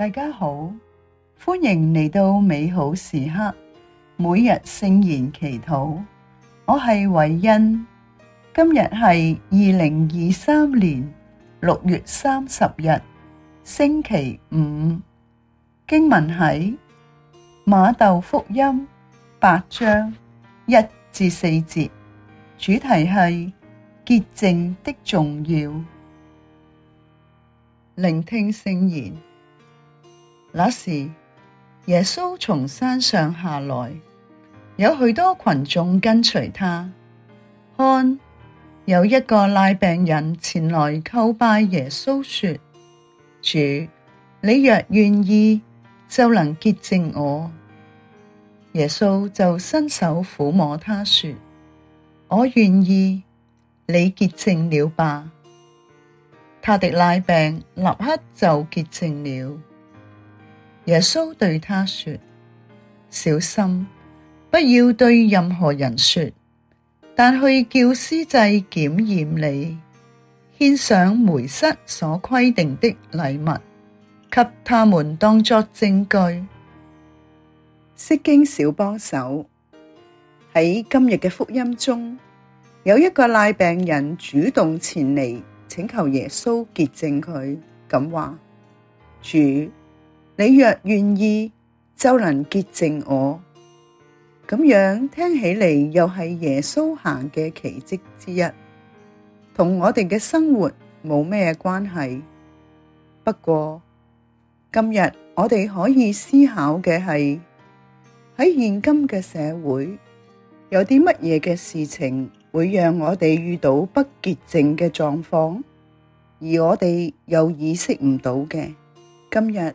大家好，歡迎嚟到美好時刻，每日聖言祈禱。我係偉恩，今日係二零二三年六月三十日星期五。經文喺馬竇福音八章一至四節，主題係潔淨的重要。聆聽聖言。那時耶穌從山上下來，有許多群眾跟隨他。看，有一個癩病人前來叩拜耶穌說，說：主，你若願意，就能潔淨我。耶穌就伸手撫摸他說：我願意，你潔淨了吧。他的癩病立刻就潔淨了。耶穌對他說：小心，不要對任何人說，但去叫司祭檢驗你，獻上梅瑟所規定的禮物，給他們當作證據。釋經小幫手，喺今日嘅福音中，有一個癩病人主動前嚟請求耶穌潔淨佢，咁話主。你若願意，就能潔淨我。咁樣聽起嚟又係耶穌行嘅奇跡之一，同我哋嘅生活冇咩關係。不過今日我哋可以思考嘅係喺現今嘅社會，有啲乜嘢嘅事情會讓我哋遇到不潔淨嘅狀況，而我哋又意識唔到嘅？今日。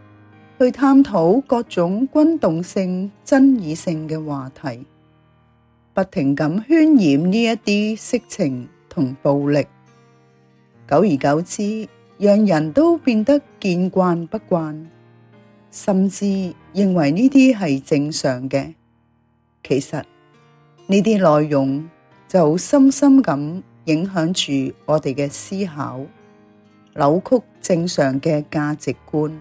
去探討各種轟動性、爭議性嘅話題，不停咁渲染呢一啲色情同暴力，久而久之，讓人都變得見慣不慣，甚至認為呢啲係正常嘅。其實呢啲內容就深深咁影響住我哋嘅思考，扭曲正常嘅價值觀。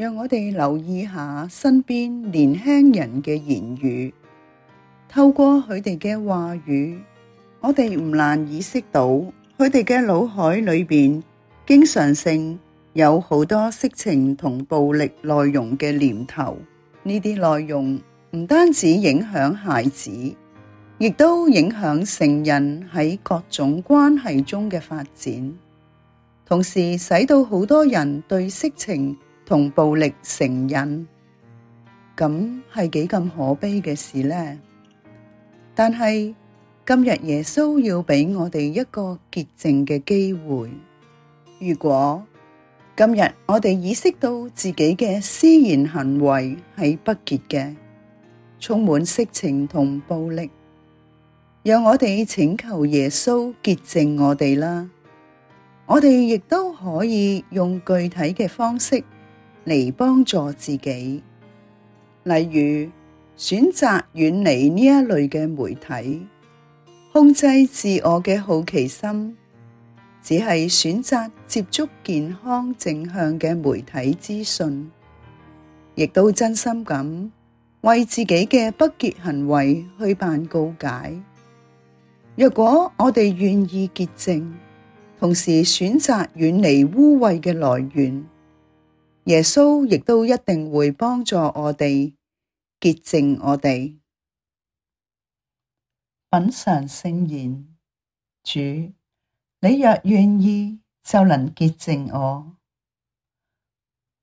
讓我哋留意下身邊年輕人嘅言語，透過佢哋嘅話語，我哋唔難意識到佢哋嘅腦海裏面經常性有好多色情同暴力內容嘅念頭。呢啲內容唔單止影響孩子，亦都影響成人喺各種關係中嘅發展，同時使到好多人對色情。同暴力成癮，咁係幾咁可悲嘅事呢？但係今日耶穌要俾我哋一個潔淨嘅機會。如果今日我哋意識到自己嘅思言行為係不潔嘅，充滿色情同暴力，讓我哋請求耶穌潔淨我哋啦。我哋亦都可以用具體嘅方式。嚟幫助自己，例如選擇遠離呢一類嘅媒體，控制自我嘅好奇心，只係選擇接觸健康正向嘅媒體資訊，亦都真心咁為自己嘅不潔行為去辦告解。若果我哋願意潔淨，同時選擇遠離污穢嘅來源。耶穌亦都一定會幫助我哋潔淨我哋。品嚐聖言，主，你若願意，就能潔淨我。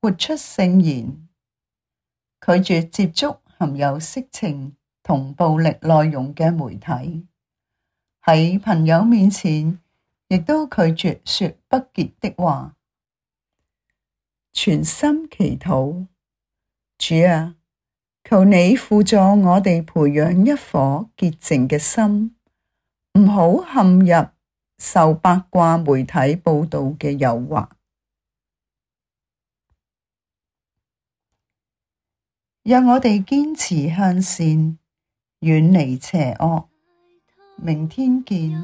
活出聖言，拒絕接觸含有色情同暴力內容嘅媒體。喺朋友面前，亦都拒絕說不潔的話。全心祈禱，主啊，求你輔助我哋培養一顆潔淨嘅心，唔好陷入受八卦媒體報導嘅誘惑，讓我哋堅持向善，遠離邪惡。明天見。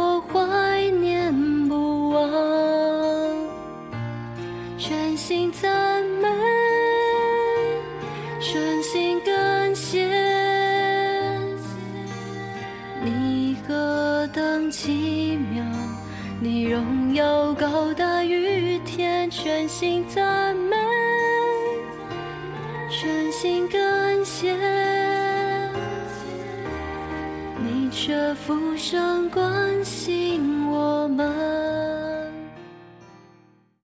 全心感謝，你卻俯身關心我們。